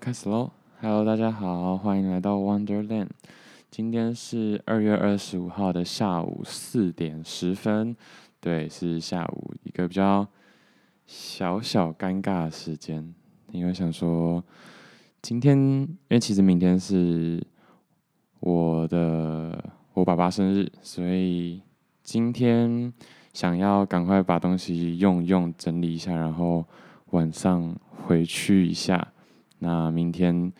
開始嘍！Hello，大家好，歡迎來到 Wonderland。今天是二月二十五號的下午四點十分，對，是下午一個比較小小尷尬的時間。因為想說，今天因為其實明天是我的我爸爸生日，所以今天想要趕快把東西用用整理一下，然後晚上回去一下。那明天，因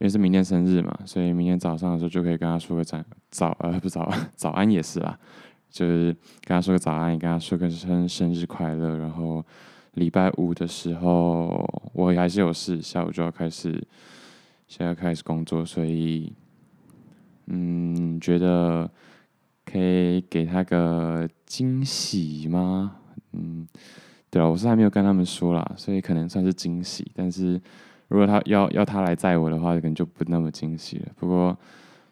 為是明天生日嘛，所以明天早上的時候就可以跟他說個早早，呃，不早早安也是啦，就是跟他說個早安，跟他說個生生日快樂。然後禮拜五的時候，我還是有事，下午就要開始，現在要開始工作，所以嗯，覺得可以給他個驚喜嗎？嗯，對啊，我是還沒有跟他們說啦，所以可能算是驚喜，但是。如果他要要他來載我的話，可能就不那麼驚喜了。不過，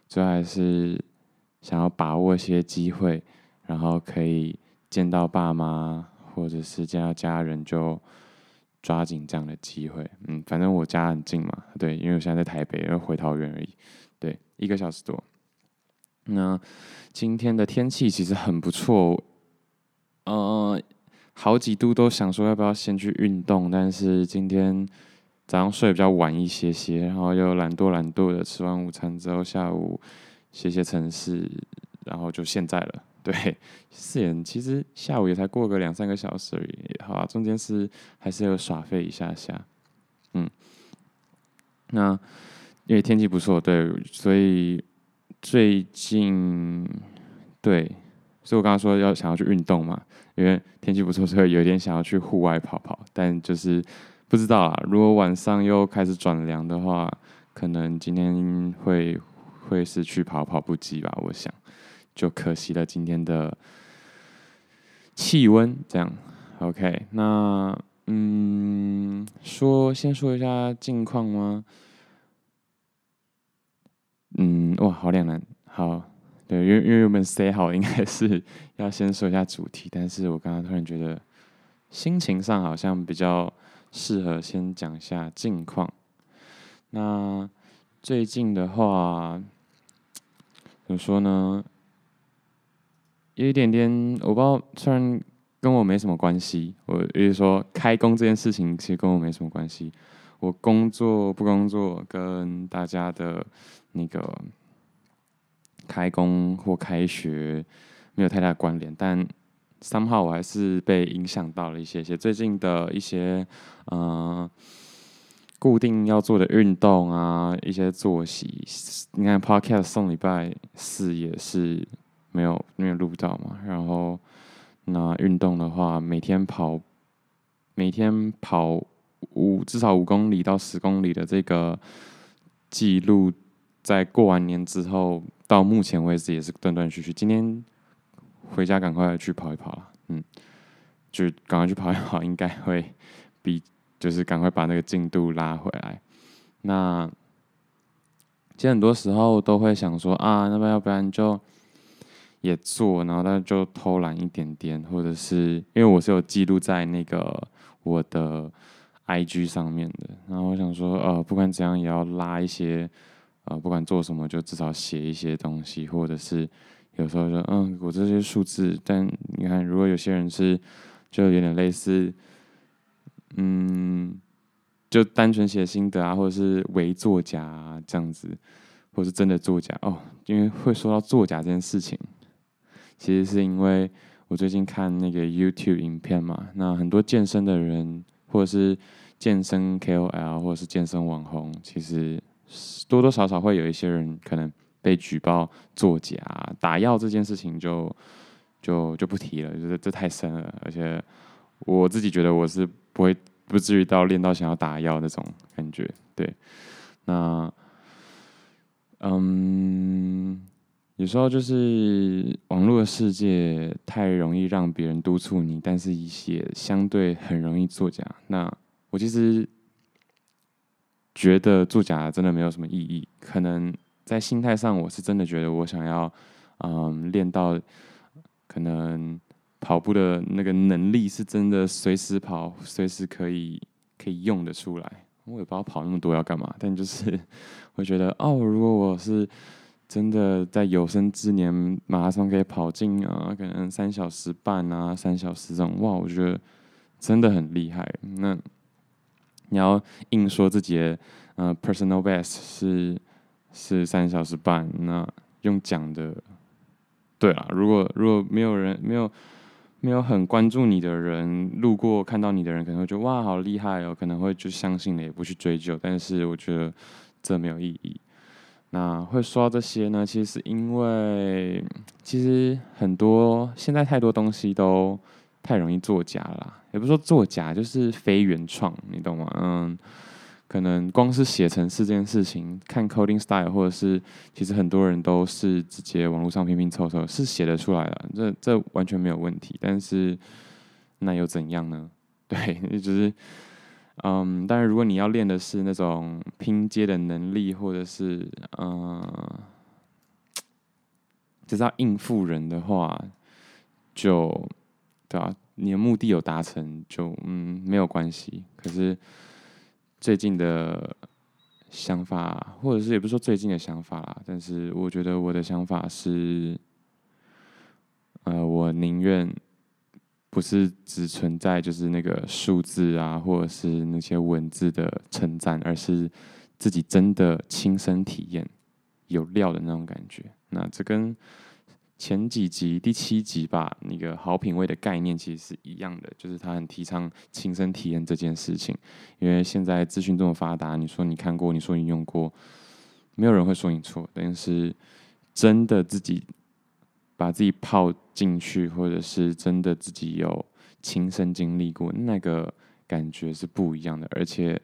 主要還是想要把握一些機會，然後可以見到爸媽，或者是見到家人，就抓緊這樣的機會。嗯，反正我家很近嘛，對，因為我現在在台北，然後回桃園而已，對，一個小時多。那今天的天氣其實很不錯，嗯、呃，好幾度，都想說要不要先去運動，但是今天。早上睡比較晚一些些，然後又懶惰懶惰的吃完午餐之後，下午寫寫程式，然後就現在了。對，四點其實下午也才過個兩三個小時而已，好啊，中間是還是有耍廢一下下。嗯，那因為天氣不錯，對，所以最近對，所以我剛剛說要想要去運動嘛，因為天氣不錯，所以有點想要去戶外跑跑，但就是。不知道啊，如果晚上又開始轉涼的話，可能今天會會是去跑跑步機吧，我想。就可惜了今天的氣溫這樣。OK，那嗯，說先說一下近況嗎？嗯，哇，好兩難，好，對，因為，因為我們 say 好應該是要先說一下主題，但是我剛剛突然覺得心情上好像比較。適合先講一下近況。那最近的話，怎麼說呢？有一點點我不知道，雖然跟我沒什麼關係。我也就是說，開工這件事情其實跟我沒什麼關係。我工作不工作跟大家的那個開工或開學沒有太大關聯，但。三號我還是被影響到了一些些，最近的一些嗯、呃，固定要做的運動啊，一些作息。你看，Podcast 送禮拜四也是沒有沒有錄到嘛。然後，那運動的話，每天跑，每天跑五至少五公里到十公里的這個記錄，在過完年之後到目前為止也是斷斷續續。今天。回家趕快去跑一跑，嗯，就趕快去跑一跑，應該會比就是趕快把那個進度拉回來。那其實很多時候我都會想說啊，那麼要不然就也做，然後但就偷懶一點點，或者是因為我是有記錄在那個我的 IG 上面的，然後我想說呃，不管怎樣也要拉一些啊、呃，不管做什麼就至少寫一些東西，或者是。有時候說，嗯，我這些數字，但你看，如果有些人是，就有點類似，嗯，就單純寫心得啊，或者是偽作假啊這樣子，或是真的作假哦，因為會說到作假這件事情，其實是因為我最近看那個 YouTube 影片嘛，那很多健身的人，或者是健身 KOL，或者是健身網紅，其實多多少少會有一些人可能。被舉報作假打藥這件事情就就就不提了，覺得這太深了。而且我自己覺得我是不會不至於到練到想要打藥那種感覺。對，那嗯，有時候就是網絡的世界太容易讓別人督促你，但是一些相對很容易作假。那我其實覺得作假真的沒有什麼意義，可能。在心態上，我是真的覺得我想要，嗯，練到可能跑步的那個能力是真的，隨時跑，隨時可以可以用得出來。我也不知道跑那麼多要幹嘛，但就是會覺得，哦，如果我是真的在有生之年馬拉松可以跑進啊，可能三小時半啊，三小時這種，哇，我覺得真的很厲害。那你要硬說自己的嗯、呃、personal best 是。是三小時半。那用講的，對啊，如果如果沒有人沒有沒有很關注你的人、路過看到你的人，可能會覺得哇好厲害哦，可能會就相信了也不去追究。但是我覺得這沒有意義。那會說到這些呢，其實是因為其實很多現在太多東西都太容易作假啦，也不說作假，就是非原創，你懂嗎？嗯。可能光是寫程式這件事情，看 coding style 或者是，其實很多人都是直接網絡上拼拼湊湊是寫得出來的，這這完全沒有問題。但是那又怎樣呢？對，就是，嗯，當然如果你要練的是那種拼接的能力，或者是嗯，就是要應付人的話，就對啊，你的目的有達成就嗯沒有關係，可是。最近的想法，或者是也不是說最近的想法啦，但是我覺得我的想法是，呃，我寧願不是只存在就是那個數字啊，或者是那些文字的稱讚，而是自己真的親身體驗有料的那種感覺。那這跟前幾集，第七集吧，那個好品味的概念其實是一樣的，就是他很提倡親身體驗這件事情。因為現在資訊這麼發達，你說你看過，你說你用過，沒有人會說你錯。但是真的自己把自己泡進去，或者是真的自己有親身經歷過，那個感覺是不一樣的。而且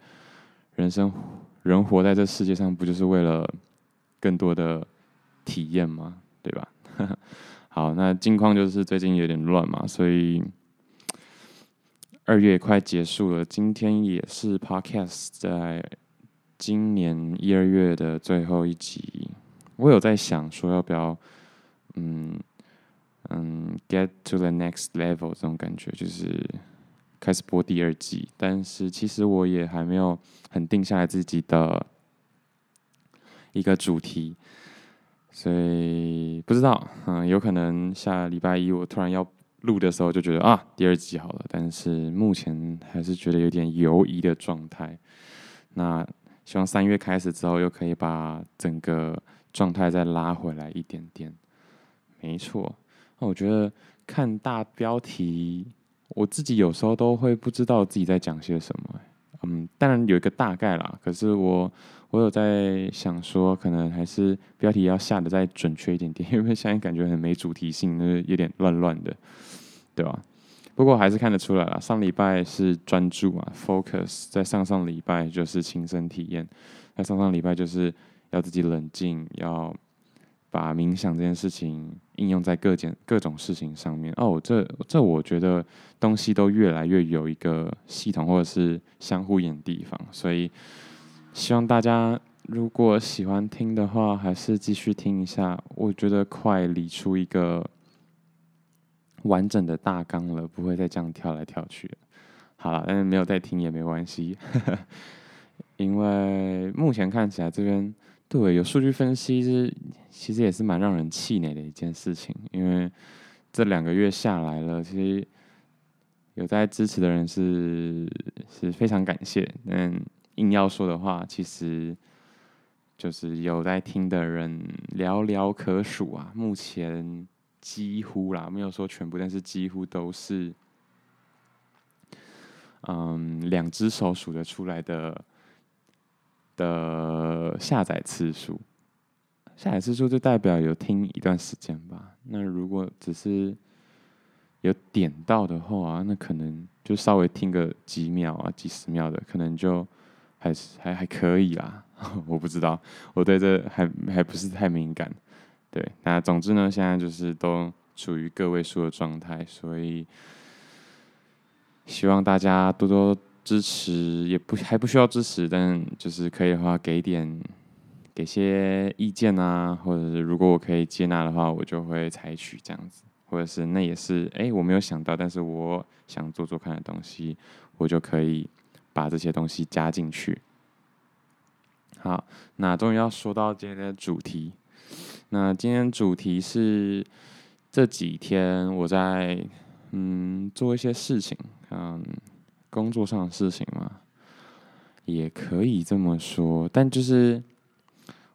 人生活人活在這世界上，不就是為了更多的體驗嗎？對吧？ 好，那近況就是最近有點亂嘛，所以二月快結束了，今天也是 Podcast 在今年一二月的最後一集。我有在想說要不要，嗯嗯，get to the next level 這種感覺，就是開始播第二季，但是其實我也還沒有很定下來自己的一個主題。所以不知道，嗯，有可能下禮拜一我突然要錄的時候，就覺得啊，第二集好了。但是目前還是覺得有點猶疑的狀態。那希望三月開始之後，又可以把整個狀態再拉回來一點點。沒錯，那我覺得看大標題，我自己有時候都會不知道自己在講些什麼欸。嗯，當然有一個大概啦，可是我。我有在想說，可能還是標題要下得再準確一點點，因為現在感覺很沒主題性，就是有點亂亂的，對吧、啊？不過還是看得出來了，上禮拜是專注啊，focus；在上上禮拜就是親身體驗，在上上禮拜就是要自己冷靜，要把冥想這件事情應用在各件各種事情上面。哦，這這我覺得東西都越來越有一個系統，或者是相互演的地方，所以。希望大家如果喜歡聽的話，還是繼續聽一下。我覺得快理出一個完整的大綱了，不會再這樣跳來跳去。好了，但是沒有在聽也沒關係， 因為目前看起來這邊對有數據分析是其實也是蠻讓人氣餒的一件事情。因為這兩個月下來了，其實有在支持的人是是非常感謝。嗯。硬要說的話，其實就是有在聽的人寥寥可數啊。目前幾乎啦，沒有說全部，但是幾乎都是，嗯，兩只手數得出來的的下載次數。下載次數就代表有聽一段時間吧。那如果只是有點到的話啊，那可能就稍微聽個幾秒啊、幾十秒的，可能就。還是還還可以啦，啊，我不知道，我對這還還不是太敏感。對，那總之呢，現在就是都處於個位數的狀態，所以希望大家多多支持，也不還不需要支持，但就是可以的話給點給些意見啊，或者是如果我可以接納的話，我就會採取這樣子，或者是那也是哎、欸，我沒有想到，但是我想做做看的東西，我就可以。把這些東西加進去。好，那終於要說到今天的主題。那今天主題是這幾天我在嗯做一些事情，嗯，工作上的事情嘛，也可以這麼說。但就是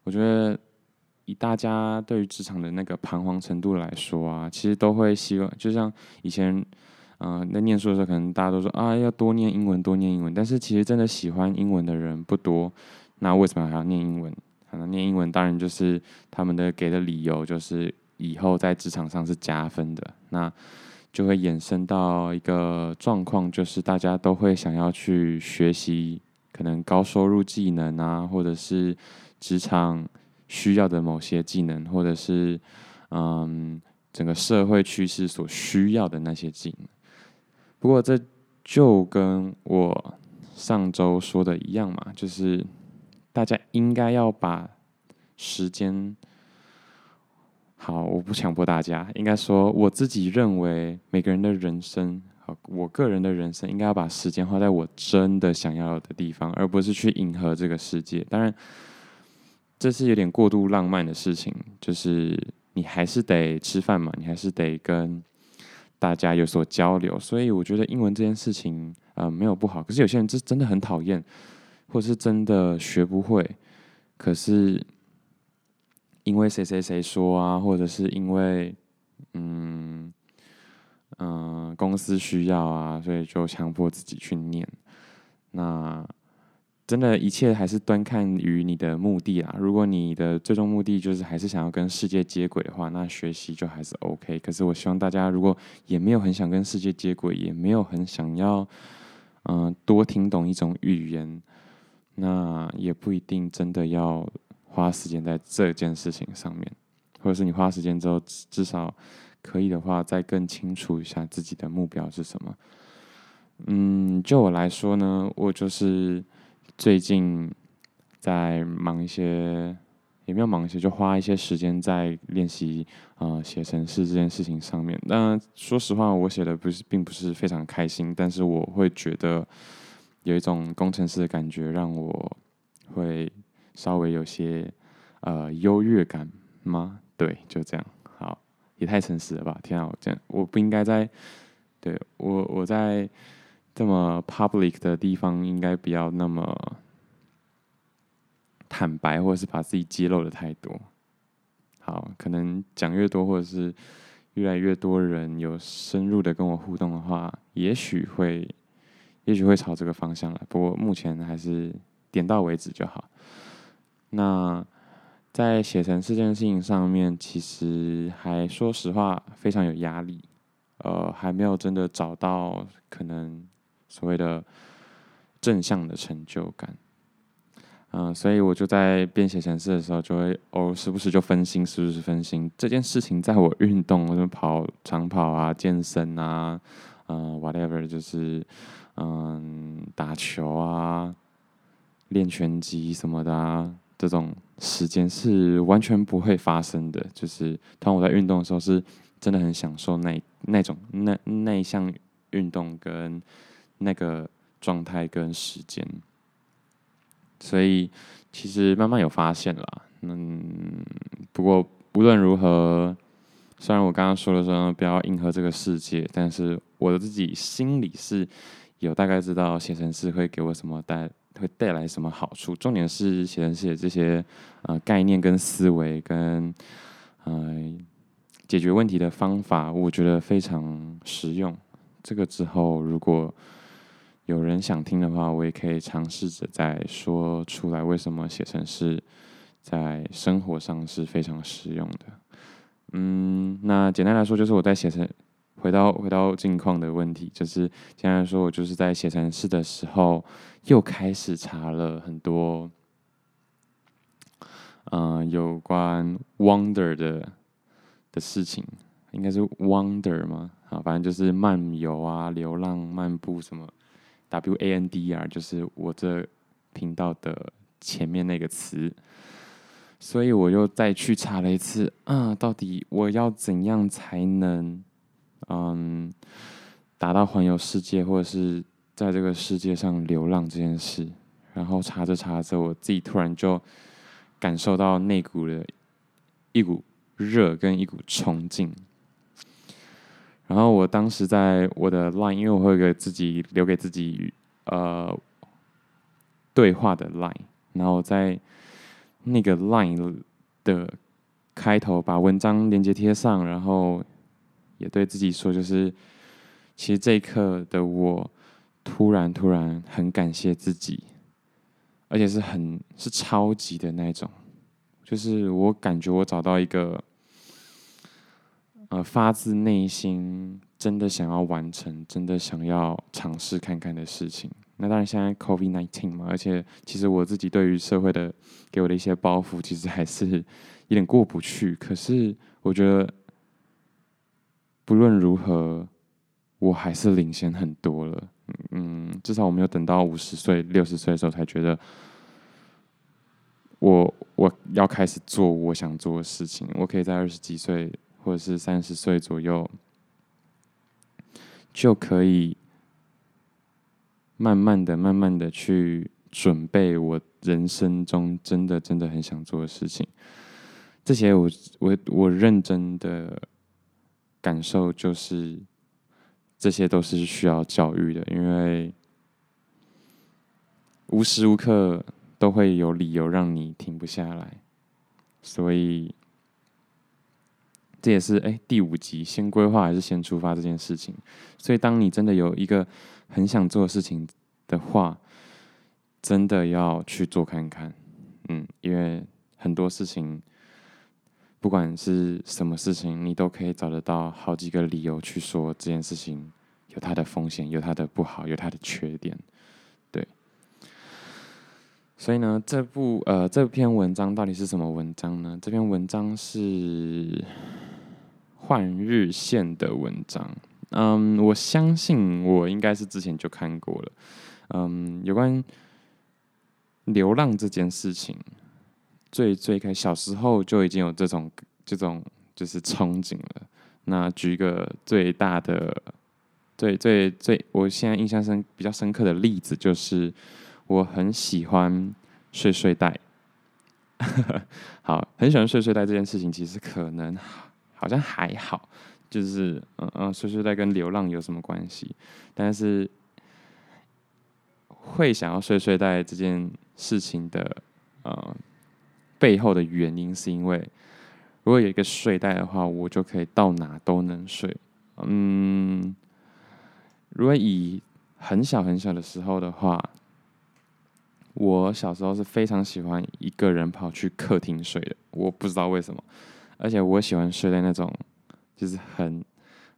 我覺得以大家對於職場的那個彷徨程度來說啊，其實都會希望就像以前。嗯、呃，那念書的時候，可能大家都說啊，要多念英文，多念英文。但是其實真的喜歡英文的人不多。那為什麼還要念英文？可、嗯、能念英文，當然就是他們的給的理由就是以後在職場上是加分的。那就會衍生到一個狀況，就是大家都會想要去學習可能高收入技能啊，或者是職場需要的某些技能，或者是嗯，整個社會趨勢所需要的那些技能。不過這就跟我上周說的一樣嘛，就是大家應該要把時間……好，我不強迫大家。應該說，我自己認為，每個人的人生，好，我個人的人生，應該要把時間花在我真的想要的地方，而不是去迎合這個世界。當然，這是有點過度浪漫的事情，就是你還是得吃飯嘛，你還是得跟。大家有所交流，所以我覺得英文這件事情，呃，沒有不好。可是有些人就真的很討厭，或是真的學不會。可是因為誰誰誰說啊，或者是因為，嗯嗯、呃，公司需要啊，所以就強迫自己去念。那。真的，一切還是端看於你的目的啦。如果你的最終目的就是還是想要跟世界接軌的話，那學習就還是 OK。可是，我希望大家如果也沒有很想跟世界接軌，也沒有很想要，嗯、呃，多聽懂一種語言，那也不一定真的要花時間在這件事情上面。或者是你花時間之後，至少可以的話，再更清楚一下自己的目標是什麼。嗯，就我來說呢，我就是。最近在忙一些，也沒有忙一些，就花一些時間在練習呃寫程式這件事情上面。那說實話，我寫的不是並不是非常開心，但是我會覺得有一種工程師的感覺，讓我會稍微有些呃優越感嗎？對，就這樣。好，也太誠實了吧！天啊，我這樣我不應該在對我我在這麼 public 的地方，應該不要那麼。坦白，或者是把自己揭露的太多，好，可能講越多，或者是越來越多人有深入的跟我互動的話，也許會，也許會朝這個方向來。不過目前還是點到為止就好。那在寫成這件事情上面，其實還說實話非常有壓力，呃，還沒有真的找到可能所謂的正向的成就感。嗯，所以我就在編寫程式的時候，就會哦，時不時就分心，時不時分心。這件事情在我運動，我就跑長跑啊、健身啊，嗯，whatever，就是嗯，打球啊、練拳擊什麼的啊，這種時間是完全不會發生的。就是當我在運動的時候，是真的很享受那那種那那一項運動跟那個狀態跟時間。所以，其實慢慢有發現啦，嗯，不過不論如何，雖然我剛剛說了說不要迎合這個世界，但是我自己心裡是有大概知道寫程式會給我什麼帶，會帶來什麼好處。重點是寫程式這些呃概念跟思維跟嗯、呃、解決問題的方法，我，我覺得非常實用。這個之後如果有人想聽的話，我也可以嘗試着再說出來。為什麼寫程式在生活上是非常實用的？嗯，那簡單來說，就是我在寫程，回到回到近況的問題，就是簡單來說，我就是在寫程式的時候，又開始查了很多，嗯、呃，有關 wander 的的事情，應該是 wander 嗎？啊，反正就是漫遊啊、流浪、漫步什麼。W A N D R 就是我這頻道的前面那個詞，所以我又再去查了一次啊，到底我要怎樣才能嗯達到環遊世界或者是在這個世界上流浪這件事？然後查着查着，我自己突然就感受到那股的一股熱跟一股衝勁。然後我當時在我的 Line，因為我會給自己留給自己呃對話的 Line。然後我在那個 Line 的開頭把文章連接貼上，然後也對自己說，就是其實這一刻的我突然突然很感謝自己，而且是很是超級的那種，就是我感覺我找到一個。呃，發自內心真的想要完成，真的想要嘗試看看的事情。那當然，現在 COVID nineteen 嘛，而且其實我自己對於社會的給我的一些包袱，其實還是有點過不去。可是我覺得，不論如何，我還是領先很多了。嗯，至少我沒有等到五十歲、六十歲的時候才覺得我，我我要開始做我想做的事情。我可以在二十幾歲。或者是三十歲左右，就可以慢慢的、慢慢的去準備我人生中真的、真的很想做的事情。這些我、我、我認真的感受就是，這些都是需要教育的，因為無時無刻都會有理由讓你停不下來，所以。這也是誒，第五集先規劃還是先出發這件事情？所以，當你真的有一個很想做的事情的話，真的要去做看看。嗯，因為很多事情，不管是什麼事情，你都可以找得到好幾個理由去說這件事情有它的風險，有它的不好，有它的缺點。對。所以呢，這部，呃，這篇文章到底是什麼文章呢？這篇文章是。換日線的文章，嗯、um,，我相信我應該是之前就看過了，嗯、um,，有關流浪這件事情，最最開小時候就已經有這種這種就是憧憬了，嗯。那舉一個最大的，最最最，我現在印象深比較深刻的例子就是，我很喜歡睡睡袋， 好，很喜歡睡睡袋這件事情，其實可能。好像還好，就是嗯嗯、呃，睡睡袋跟流浪有什麼關係？但是會想要睡睡袋這件事情的呃背後的原因，是因為如果有一個睡袋的話，我就可以到哪都能睡。嗯，如果以很小很小的時候的話，我小時候是非常喜歡一個人跑去客廳睡的，我不知道為什麼。而且我喜歡睡在那種，就是很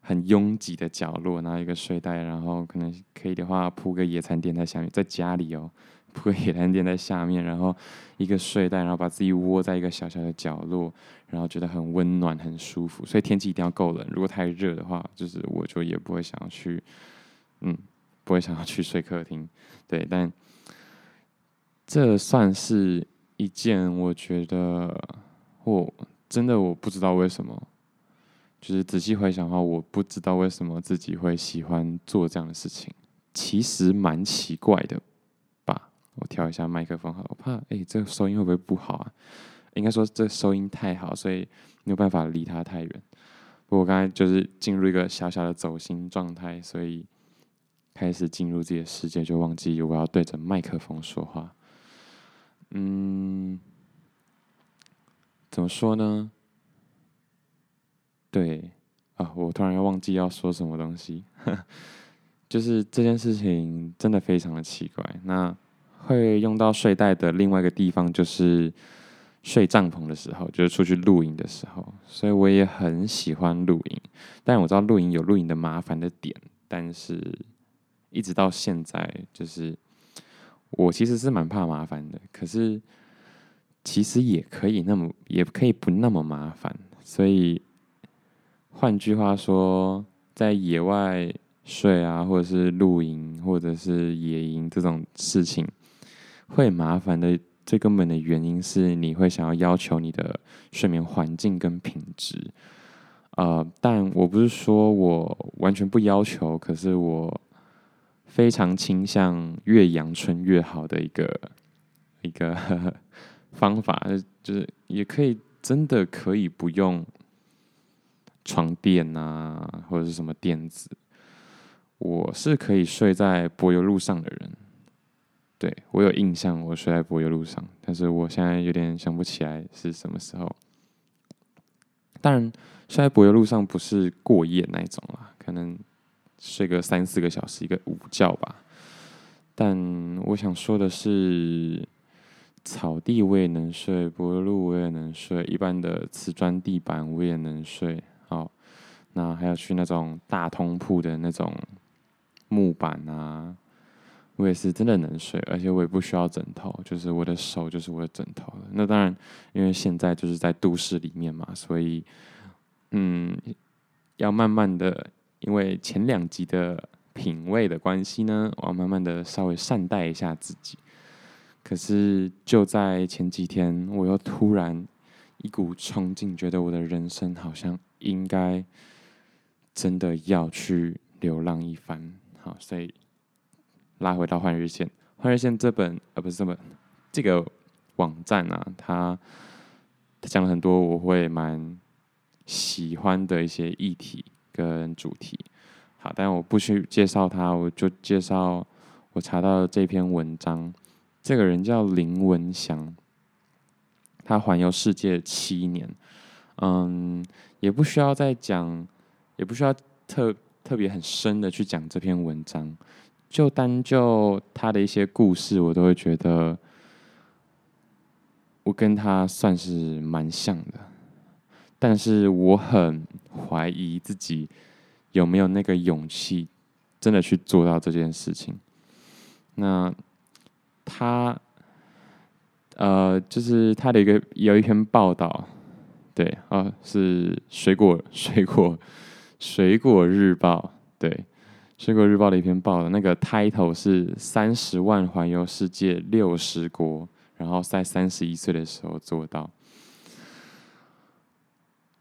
很擁擠的角落，然後一個睡袋，然後可能可以的話鋪個野餐墊在下面，在家裡哦，鋪個野餐墊在下面，然後一個睡袋，然後把自己窩在一個小小的角落，然後覺得很溫暖、很舒服。所以天氣一定要夠冷，如果太熱的話，就是我就也不會想要去，嗯，不會想要去睡客廳。對，但這算是一件我覺得或。真的我不知道為什麼，就是仔細回想的話，我不知道為什麼自己會喜歡做這樣的事情，其實蠻奇怪的吧？我調一下麥克風好了。我怕哎、欸，這個收音會不會不好啊？應該說這個收音太好，所以沒有辦法離它太遠。不過我剛才就是進入一個小小的走心狀態，所以開始進入自己的世界，就忘記我要對着麥克風說話。嗯。怎麼說呢？對，啊，哦，我突然又忘記要說什麼東西呵。就是這件事情真的非常的奇怪。那會用到睡袋的另外一個地方，就是睡帳篷的時候，就是出去露營的時候。所以我也很喜歡露營，但我知道露營有露營的麻煩的點，但是一直到現在，就是我其實是蠻怕麻煩的。可是。其實也可以那麼，也可以不那麼麻煩。所以，換句話說，在野外睡啊，或者是露營，或者是野營這種事情，會麻煩的最根本的原因是，你會想要要求你的睡眠環境跟品質。呃，但我不是說我完全不要求，可是我非常傾向越陽春越好的一個一個。方法就是，也可以真的可以不用床墊啊，或者是什麼墊子。我是可以睡在柏油路上的人。對，我有印象，我睡在柏油路上，但是我現在有點想不起來是什麼時候。當然，睡在柏油路上不是過夜那一種啦，可能睡個三四個小時一個午覺吧。但我想說的是。草地我也能睡，柏油路我也能睡，一般的瓷磚地板我也能睡。好，那還要去那種大通鋪的那種木板啊，我也是真的能睡，而且我也不需要枕頭，就是我的手就是我的枕頭。那當然，因為現在就是在都市裡面嘛，所以嗯，要慢慢的，因為前兩集的品味的關係呢，我要慢慢的稍微善待一下自己。可是就在前幾天，我又突然一股衝勁，覺得我的人生好像應該真的要去流浪一番。好，所以拉回到《換日線》，《換日線》這本，呃不是這本，這個網站啊，它它講了很多我會蠻喜歡的一些議題跟主題。好，但我不去介紹它，我就介紹我查到的這篇文章。這個人叫林文祥，他環遊世界七年，嗯，也不需要再講，也不需要特特別很深的去講這篇文章，就單就他的一些故事，我都會覺得，我跟他算是蠻像的，但是我很懷疑自己有沒有那個勇氣，真的去做到這件事情，那。他，呃，就是他的一個有一篇報道，對，啊，是水《水果水果水果日報》對，《水果日報》的一篇報道，那個 title 是三十萬環遊世界六十國，然後在三十一歲的時候做到。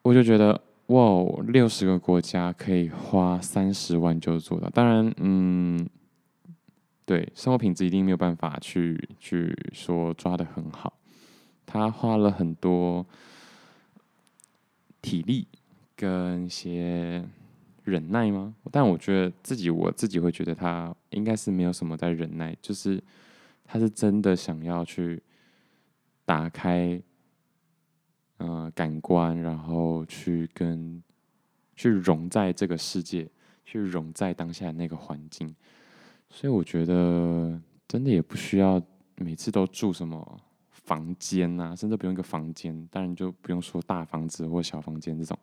我就覺得哇哦，六十個國家可以花三十萬就做到，當然，嗯。對，生活品質一定沒有辦法去去說抓得很好，他花了很多體力跟一些忍耐嗎？但我覺得自己我自己會覺得他應該是沒有什麼在忍耐，就是他是真的想要去打開嗯、呃、感官，然後去跟去融在這個世界，去融在當下那個環境。所以我覺得真的也不需要每次都住什麼房間啊，甚至不用一個房間，當然就不用說大房子或小房間這種。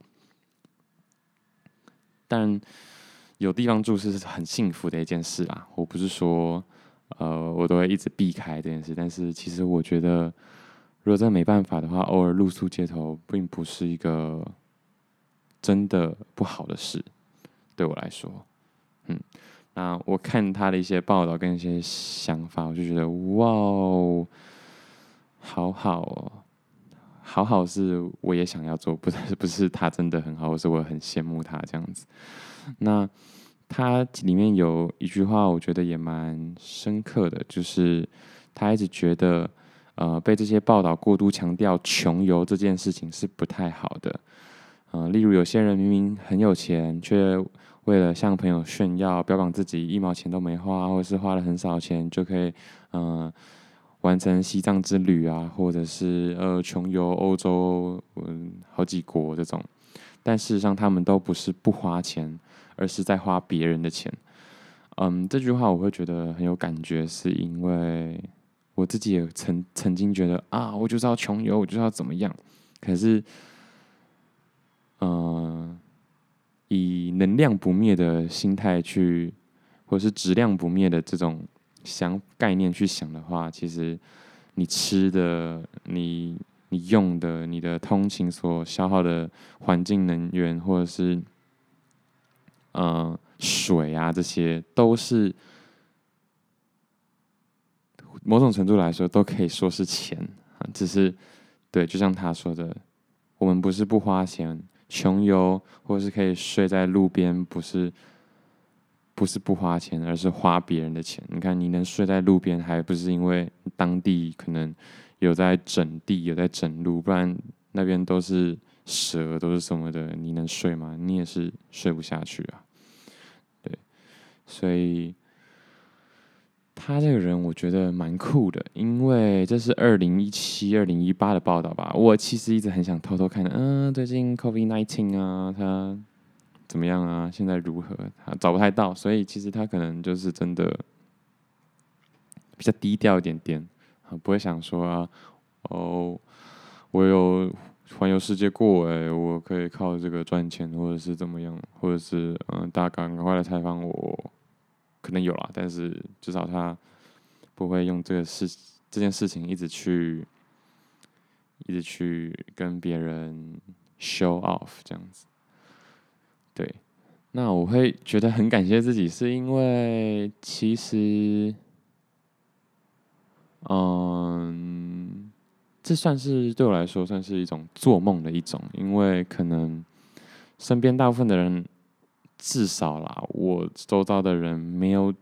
但有地方住是很幸福的一件事啦。我不是說呃，我都會一直避開這件事，但是其實我覺得，如果真的沒辦法的話，偶爾露宿街頭並不是一個真的不好的事，對我來說，嗯。啊！我看他的一些報道跟一些想法，我就覺得哇，好好哦，好好是，我也想要做，不是不是他真的很好，而是我很羨慕他這樣子。那他裡面有一句話，我覺得也蠻深刻的，就是他一直覺得，呃，被這些報道過度強調窮遊這件事情是不太好的。嗯、呃，例如有些人明明很有錢，卻。為了向朋友炫耀，標榜自己一毛錢都沒花，或者是花了很少錢就可以，嗯、呃，完成西藏之旅啊，或者是呃窮遊歐洲嗯好幾國這種，但事實上他們都不是不花錢，而是在花別人的錢。嗯，這句話我會覺得很有感覺，是因為我自己也曾曾經覺得啊，我就是要窮遊，我就是要怎麼樣，可是，嗯、呃。以能量不滅的心態去，或是質量不滅的這種想概念去想的話，其實你吃的、你你用的、你的通勤所消耗的環境能源，或者是嗯、呃、水啊這些，都是某種程度來說都可以說是錢，只是對，就像他說的，我們不是不花錢。窮遊，或是可以睡在路邊，不是，不是不花錢，而是花別人的錢。你看，你能睡在路邊，還不是因為當地可能有在整地，有在整路，不然那邊都是蛇，都是什麼的，你能睡嗎？你也是睡不下去啊。對，所以。他這個人我覺得蠻酷的，因為這是二零一七、二零一八的報道吧。我其實一直很想偷偷看，嗯，最近 COVID nineteen 啊，他怎麼樣啊？現在如何？他找不太到，所以其實他可能就是真的比較低調一點點，啊，不會想說啊，哦，我有環遊世界過誒，欸，我可以靠這個賺錢，或者是怎麼樣，或者是嗯，大家趕快來採訪我。可能有啊，但是至少他不會用這個事、這件事情一直去、一直去跟別人 show off 這樣子。對，那我會覺得很感謝自己，是因為其實，嗯，這算是對我來說算是一種做夢的一種，因為可能身邊大部分的人。至少啦，我周遭的人沒有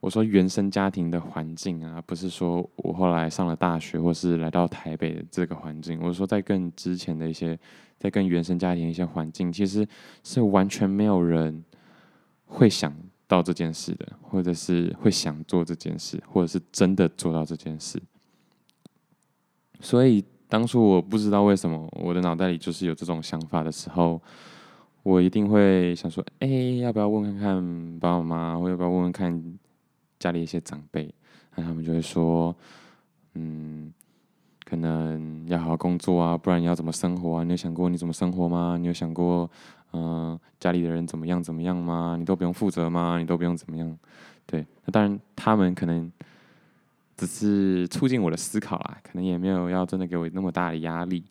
我說原生家庭的環境啊，不是說我後來上了大學或是來到台北的這個環境，我說在更之前的一些，在更原生家庭一些環境，其實是完全沒有人會想到這件事的，或者是會想做這件事，或者是真的做到這件事。所以當初我不知道為什麼我的腦袋裡就是有這種想法的時候。我一定會想說，誒、欸，要不要問問看爸爸媽媽，或者要不要問問看家裡一些長輩？那他們就會說，嗯，可能要好好工作啊，不然你要怎麼生活啊？你有想過你怎麼生活嗎？你有想過，嗯、呃，家裡的人怎麼樣怎麼樣嗎？你都不用負責嗎？你都不用怎麼樣？對，那當然，他們可能只是促進我的思考啊，可能也沒有要真的給我那麼大的壓力，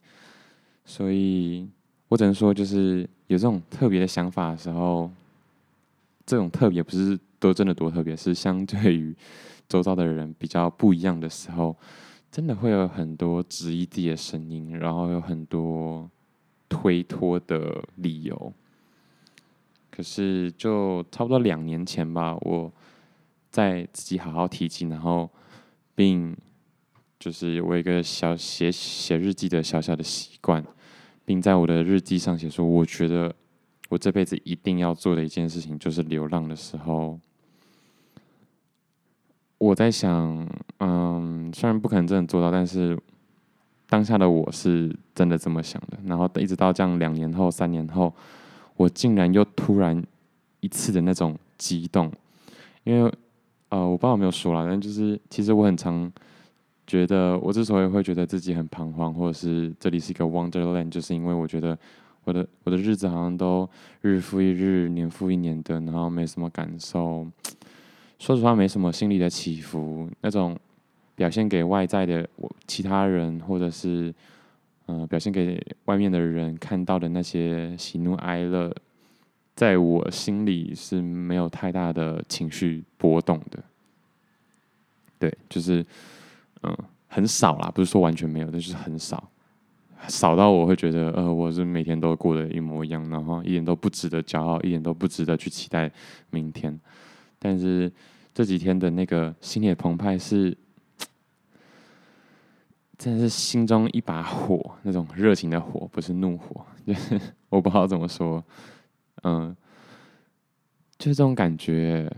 所以。我只能說，就是有這種特別的想法的時候，這種特別不是都真的多特別，是相對於周遭的人比較不一樣的時候，真的會有很多質疑自己的聲音，然後有很多推脫的理由。可是，就差不多兩年前吧，我在自己好好提琴，然後並就是我有一個小寫寫日記的小小的習慣。並在我的日記上寫說：“我覺得我這輩子一定要做的一件事情就是流浪的時候，我在想，嗯，雖然不可能真的做到，但是當下的我是真的這麼想的。然後一直到這樣兩年後、三年後，我竟然又突然一次的那種激動，因為呃，我不知道有沒有說啦，但就是其實我很常。”覺得我之所以會覺得自己很彷徨，或者是這裡是一個 Wonderland，就是因為我覺得我的我的日子好像都日復一日、年復一年的，然後沒什麼感受。說實話，沒什麼心理的起伏，那種表現給外在的其他人，或者是嗯、呃、表現給外面的人看到的那些喜怒哀樂，在我心裡是沒有太大的情緒波動的。對，就是。嗯，很少啦，不是說完全沒有，但就是很少，少到我會覺得，呃，我是每天都過得一模一樣，然後一點都不值得驕傲，一點都不值得去期待明天。但是這幾天的那個心裡澎湃是，是真的是心中一把火，那種熱情的火，不是怒火，就是我不知道怎麼說，嗯，就是這種感覺。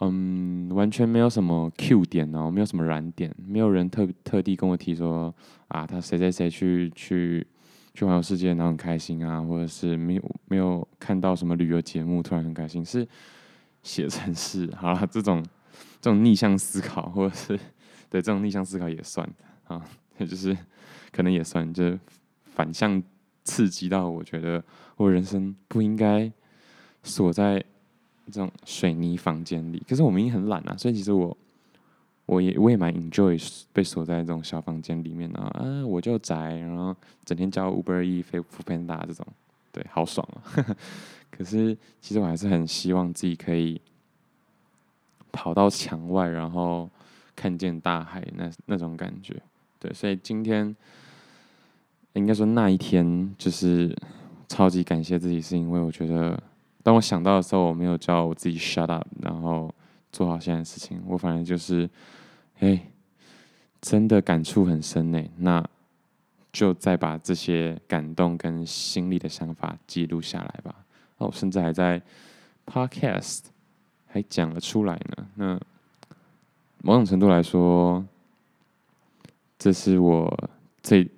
嗯、um，完全沒有什麼 Q 點哦，沒有什麼燃點，沒有人特特地跟我提說啊，他誰誰誰去去去環遊世界，然後很開心啊，或者是沒有沒有看到什麼旅遊節目，突然很開心，是寫成是，好啦，這種這種逆向思考，或者是對這種逆向思考也算啊，也就是可能也算，就是反向刺激到我覺得我人生不應該鎖在。這種水泥房間裡，可是我明明很懶啊，所以其實我，我也我也蠻 enjoy 被鎖在這種小房間裡面，然後，啊，我就宅，然後整天叫 Uber Eats、foodpanda 這種，對，好爽啊呵呵。可是其實我還是很希望自己可以跑到牆外，然後看見大海那那種感覺。對，所以今天，應該說那一天就是超級感謝自己，是因為我覺得。當我想到的時候，我沒有叫我自己 shut up，然後做好現在的事情。我反正就是，哎，真的感觸很深呢、欸。那就再把這些感動跟心裡的想法記錄下來吧。哦、啊，我甚至還在 podcast 還講了出來呢。那某種程度來說，這是我最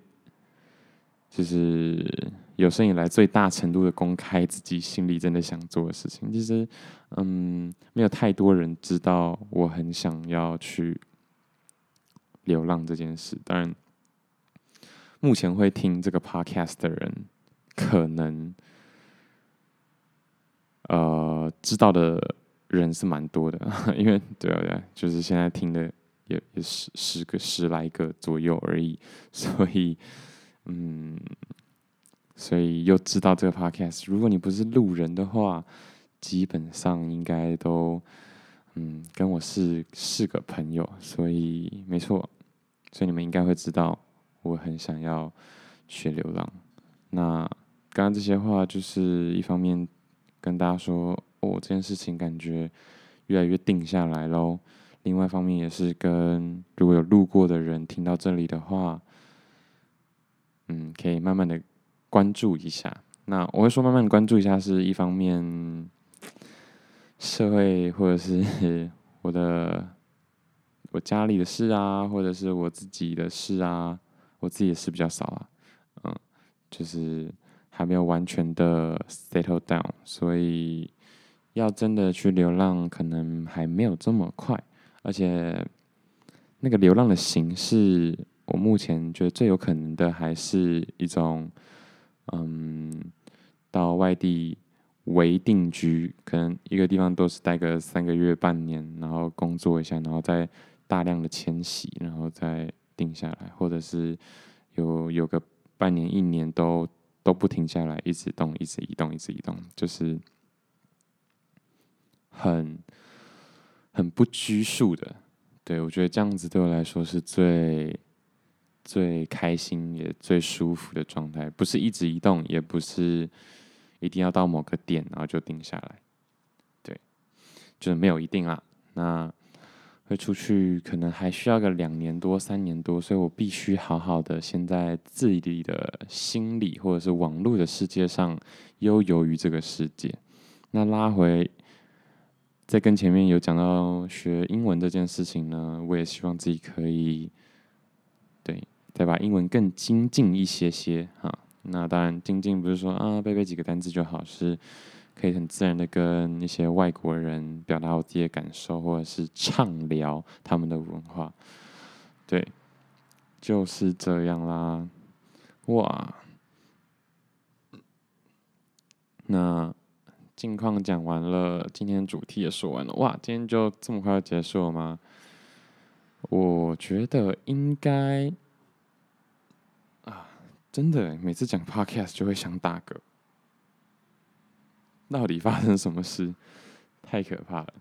就是。有生以來最大程度的公開自己心裡真的想做的事情，其實，嗯，沒有太多人知道我很想要去流浪這件事。當然，目前會聽這個 podcast 的人，可能，呃，知道的人是蠻多的，因為對對對，就是現在聽的也也十十個十來個左右而已，所以，嗯。所以又知道這個 podcast，如果你不是路人的話，基本上應該都，嗯，跟我是是個朋友，所以沒錯，所以你們應該會知道我很想要學流浪。那剛剛這些話就是一方面跟大家說，我、哦、這件事情感覺越來越定下來嘍，另外一方面也是跟如果有路過的人聽到這裡的話，嗯，可以慢慢的。關注一下，那我會說慢慢關注一下，是一方面社會或者是我的我家裡的事啊，或者是我自己的事啊，我自己的事比較少啊，嗯，就是還沒有完全的 settle down，所以要真的去流浪，可能還沒有這麼快，而且那個流浪的形式，我目前覺得最有可能的還是一種。嗯，到外地為定居，可能一個地方都是待個三個月、半年，然後工作一下，然後再大量的遷徙，然後再定下來，或者是有有個半年、一年都都不停下來，一直動、一直移動、一直移動，就是很很不拘束的。對，我覺得這樣子對我來說是最。最開心也最舒服的狀態，不是一直移動，也不是一定要到某個點，然後就定下來。對，就是沒有一定啊。那會出去可能還需要個兩年多，三年多，所以我必須好好的先在自己的心理或者是網絡的世界上悠游於這個世界。那拉回再跟前面有講到學英文這件事情呢，我也希望自己可以。再把英文更精進一些些，哈。那當然，精進不是說啊背背幾個單詞就好，是可以很自然的跟一些外國人表達我自己的感受，或者是暢聊他們的文化。對，就是這樣啦。哇，那近況講完了，今天主題也說完了，哇，今天就這麼快就結束了嗎？我覺得應該。真的耶，每次講 podcast 就會想打嗝。到底發生什麼事？太可怕了。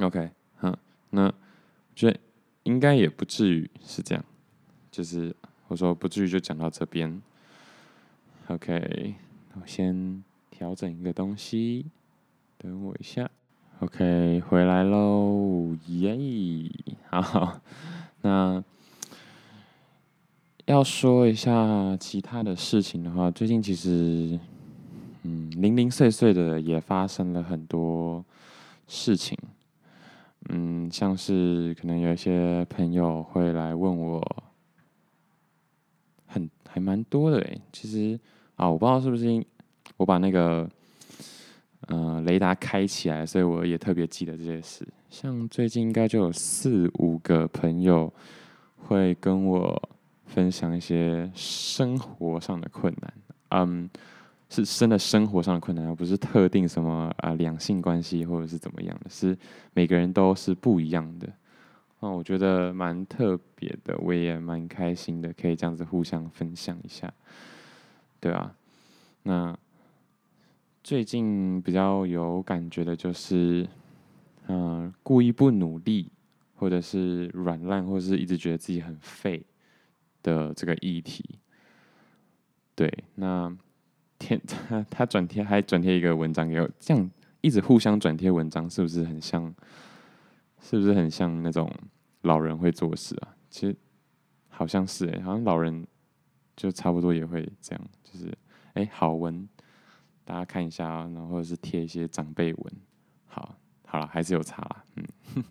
OK，嗯，那我覺得應該也不至於是這樣，就是我說不至於就講到這邊。OK，我先調整一個東西，等我一下。OK，回來嘍，耶、yeah, 好！好，那。要說一下其他的事情的話，最近其實，嗯，零零碎碎的也發生了很多事情，嗯，像是可能有一些朋友會來問我，很還蠻多的哎、欸。其實啊，我不知道是不是因我把那個，呃，雷達開起來，所以我也特別記得這件事。像最近應該就有四五個朋友會跟我。分享一些生活上的困難，嗯、um,，是真的生活上的困難，而不是特定什麼啊、uh, 兩性關係或者是怎麼樣的，是每個人都是不一樣的。那、uh, 我覺得蠻特別的，我也蠻開心的，可以這樣子互相分享一下，對啊。那最近比較有感覺的就是，嗯、uh,，故意不努力，或者是軟爛，或者是一直覺得自己很廢。的這個議題，對，那天他他轉貼還轉貼一個文章給我，這樣一直互相轉貼文章，是不是很像，是不是很像那種老人會做事啊？其實好像是、欸，哎，好像老人就差不多也會這樣，就是哎、欸、好文，大家看一下啊，然後是貼一些長輩文，好，好了，還是有差了，嗯。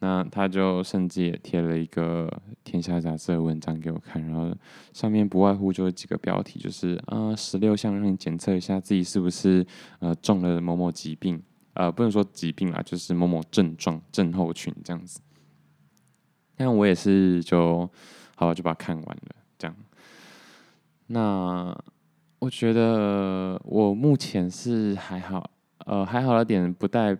那他就甚至也貼了一個《天下雜誌》的文章給我看，然後上面不外乎就幾個標題，就是啊十六項讓你檢測一下自己是不是呃中了某某疾病，呃，不能說疾病啦，就是某某症狀、症候群這樣子。那我也是就好，就把它看完了。這樣，那我覺得我目前是還好，呃，還好一點，不帶。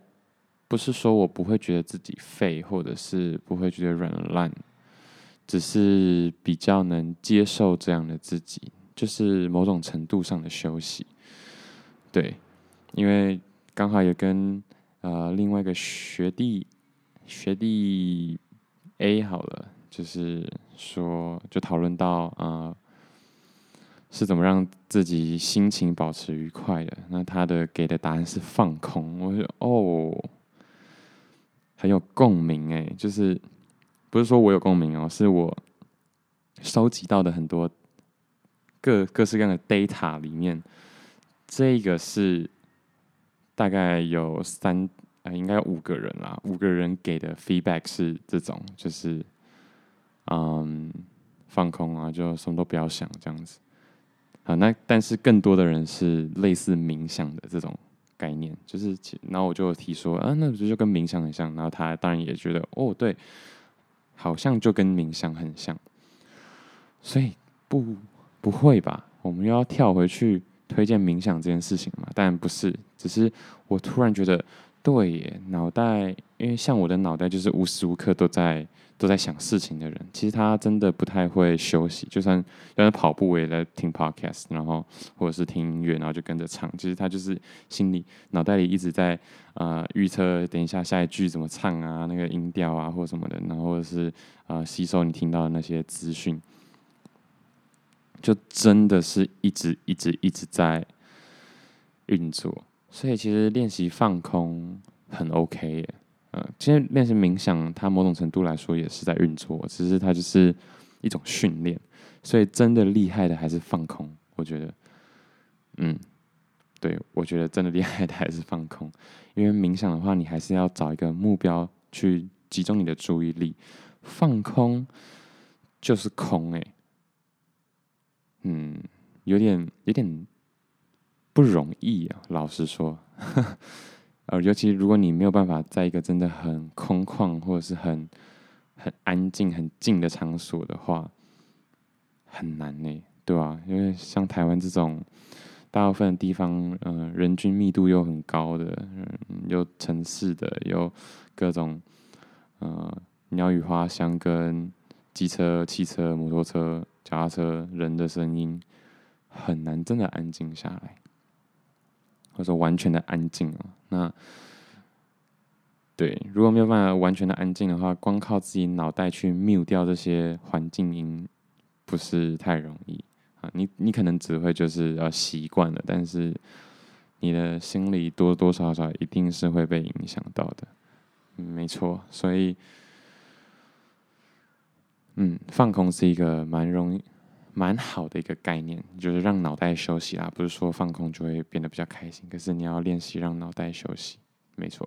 不是說我不會覺得自己廢，或者是不會覺得軟爛，只是比較能接受這樣的自己，就是某種程度上的休息。對，因為剛好也跟呃另外一個學弟學弟 A 好了，就是說就討論到啊、呃，是怎麼讓自己心情保持愉快的。那他的給的答案是放空，我說哦。很有共鳴欸，就是不是說我有共鳴喔，是我收集到的很多各各式各樣的 data 裡面，這個是大概有三啊，應該有五個人啦，五個人給的 feedback 是這種，就是嗯，放空啊，就什麼都不要想這樣子。好，那但是更多的人是類似冥想的這種概念就是，然後我就提說啊，那不就跟冥想很像？然後他當然也覺得，哦，對，好像就跟冥想很像。所以不不會吧？我們又要跳回去推薦冥想這件事情嘛？但不是，只是我突然覺得。對耶，腦袋，因為像我的腦袋就是無時無刻都在都在想事情的人，其實他真的不太會休息。就算剛才跑步，我也在聽 podcast，然後或者是聽音樂，然後就跟着唱。其實他就是心裡腦袋裡一直在呃預測，等一下下一句怎麼唱啊，那個音調啊，或什麼的，然後或者是呃吸收你聽到的那些資訊，就真的是一直一直一直在運作。所以其實練習放空很 OK 耶，呃，其實練習冥想，它某種程度來說也是在運作，只是它就是一種訓練。所以真的厲害的還是放空，我覺得，嗯，對，我覺得真的厲害的還是放空，因為冥想的話，你還是要找一個目標去集中你的注意力，放空就是空誒。嗯，有點有點。不容易啊！老實說，呃，尤其如果你沒有辦法在一個真的很空曠或者是很很安靜、很靜的場所的話，很難呢、欸，對吧、啊？因為像台灣這種大，大部分地方，嗯、呃，人均密度又很高的、呃，又城市的，又各種，呃，鳥語花香，像跟機車、汽車、摩托車、腳踏車人的聲音，很難真的安靜下來。或者完全的安靜，那對，如果沒有辦法完全的安靜的話，光靠自己腦袋去 mute 掉這些環境音，不是太容易啊。你你可能只會就是要習慣了，但是你的心裡多多少少一定是會被影響到的。嗯、沒錯，所以嗯，放空是一個蠻容易。蠻好的一個概念，就是讓腦袋休息啦，不是說放空就會變得比較開心。可是你要練習讓腦袋休息，沒錯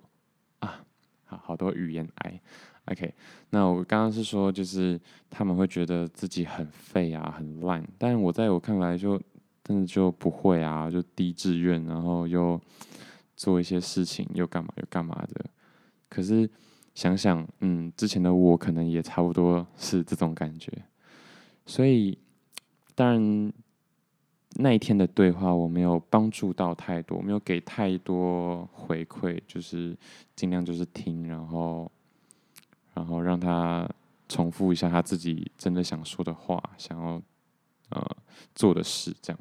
啊。好，好多語言癌。OK，那我剛剛是說，就是他們會覺得自己很廢啊，很爛，但我在我看來就真的就不會啊，就低志願，然後又做一些事情，又幹嘛又幹嘛的。可是想想，嗯，之前的我可能也差不多是這種感覺，所以。但那一天的對話，我沒有幫助到太多，沒有給太多回饋，就是盡量就是聽，然後，然後讓他重複一下他自己真的想說的話，想要呃做的事，這樣。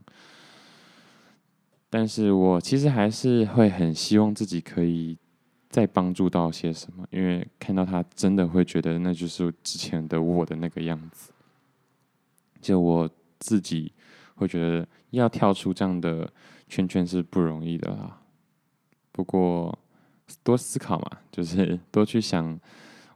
但是我其實還是會很希望自己可以再幫助到些什麼，因為看到他真的會覺得，那就是之前的我的那個樣子，就我。自己會覺得要跳出這樣的圈圈是不容易的啦。不過多思考嘛，就是多去想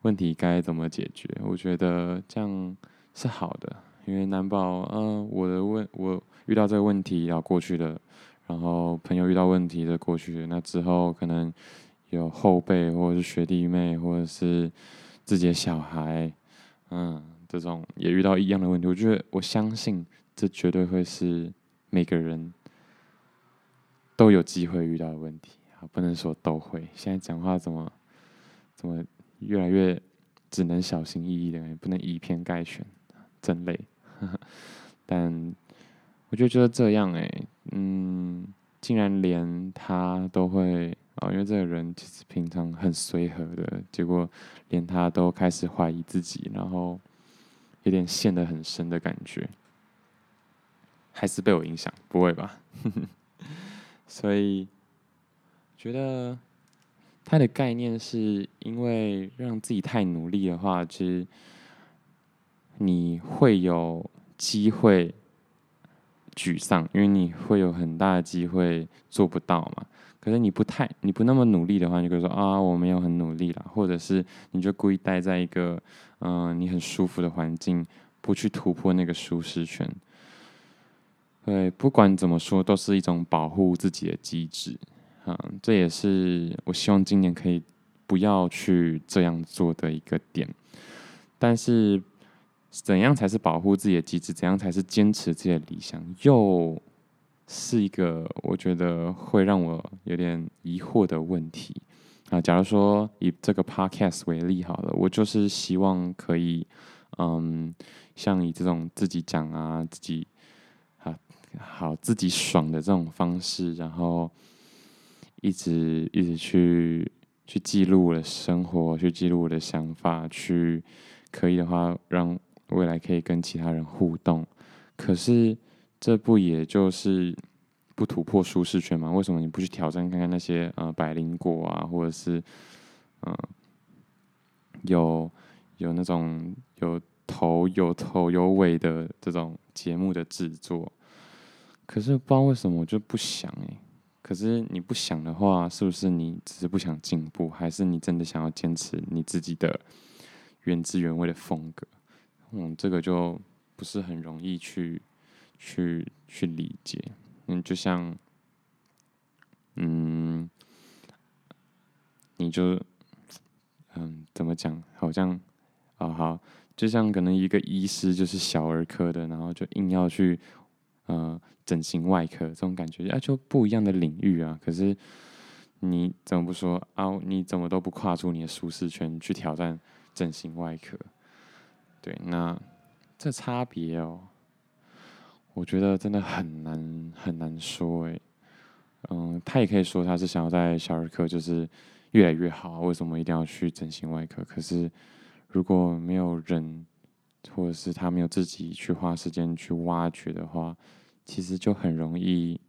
問題該怎麼解決。我覺得這樣是好的，因為難保嗯，我的問，我遇到這個問題要過去的，然後朋友遇到問題的過去，那之後可能有後輩或者是學弟妹或者是自己的小孩，嗯，這種也遇到一樣的問題，我覺得我相信。這絕對會是每個人都有機會遇到的問題啊！不能說都會。現在講話怎麼怎麼越來越只能小心翼翼的，也不能以偏概全，真累。 但我就覺得這樣誒、欸，嗯，竟然連他都會啊、哦！因為這個人其實平常很隨和的，結果連他都開始懷疑自己，然後有點陷得很深的感覺。還是被我影響？不會吧？ 所以覺得他的概念是因為讓自己太努力的話，其實你會有機會沮喪，因為你會有很大的機會做不到嘛。可是你不太，你不那麼努力的話，你可以說啊，我沒有很努力啦，或者是你就故意待在一個嗯、呃、你很舒服的環境，不去突破那個舒適圈。對，不管怎麼說，都是一種保護自己的機制，啊、嗯，這也是我希望今年可以不要去這樣做的一個點。但是，怎樣才是保護自己的機制？怎樣才是堅持自己的理想？又是一個我覺得會讓我有點疑惑的問題啊。假如說以這個 podcast 為例好了，我就是希望可以，嗯，像你這種自己講啊，自己。好，自己爽的這種方式，然後一直一直去去記錄我的生活，去記錄我的想法，去可以的話，讓未來可以跟其他人互動。可是這不也就是不突破舒適圈嗎？為什麼你不去挑戰看看那些呃百靈果啊，或者是嗯、呃、有有那種有頭有頭有尾的這種節目的制作？可是不知道為什麼我就不想，欸，可是你不想的話，是不是你只是不想進步，還是你真的想要堅持你自己的原汁原味的風格？嗯，這個就不是很容易去去去理解。嗯，就像，嗯，你就，嗯，怎麼講？好像啊，好，好，就像可能一個醫師就是小兒科的，然後就硬要去。呃，整形外科這種感覺，要、啊、求不一樣的領域啊。可是你怎麼不說啊？你怎麼都不跨出你的舒適圈去挑戰整形外科？對，那這差別哦，我覺得真的很難很難說哎、欸。嗯、呃，他也可以說他是想要在小兒科就是越來越好，為什麼一定要去整形外科？可是如果沒有人。或者是他沒有自己去花時間去挖掘的話，其實就很容易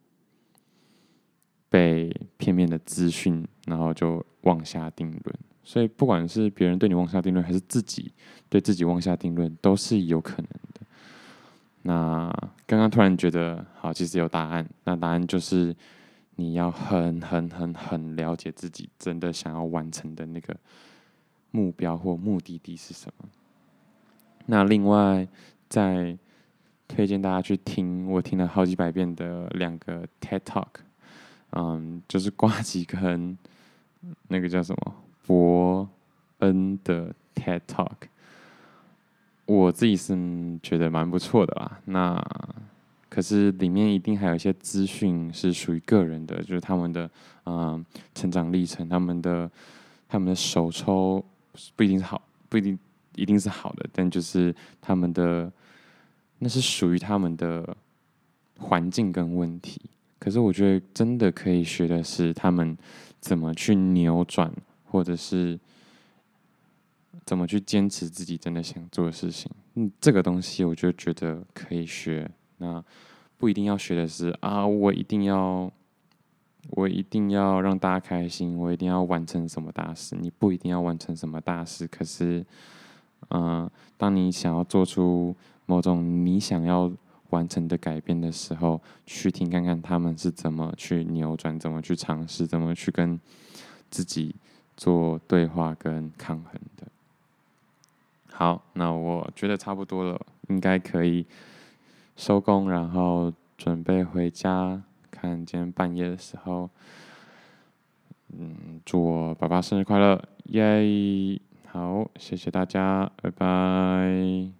被片面的資訊，然後就妄下定論。所以不管是別人對你妄下定論，還是自己對自己妄下定論，都是有可能的。那剛剛突然覺得，好，其實有答案。那答案就是你要很、很、很、很了解自己真的想要完成的那個目標或目的地是什麼。那另外，再推薦大家去聽我聽了好幾百遍的兩個 TED Talk，嗯，就是呱吉跟那個叫什麼伯恩的 TED Talk，我自己是覺得蠻不錯的啦。那可是裡面一定還有一些資訊是屬於個人的，就是他們的嗯成長歷程，他們的他們的首抽不一定是好，不一定。一定是好的，但就是他們的那是屬於他們的環境跟問題。可是，我覺得真的可以學的是他們怎麼去扭轉，或者是怎麼去堅持自己真的想做的事情。嗯，這個東西我就覺得可以學。那不一定要學的是啊，我一定要我一定要讓大家開心，我一定要完成什麼大事。你不一定要完成什麼大事，可是。嗯，當你想要做出某種你想要完成的改變的時候，去聽看看他們是怎麼去扭轉、怎麼去嘗試、怎麼去跟自己做對話跟抗衡的。好，那我覺得差不多了，應該可以收工，然後準備回家。看今天半夜的時候，嗯，祝我爸爸生日快樂，耶！好，謝謝大家，拜拜。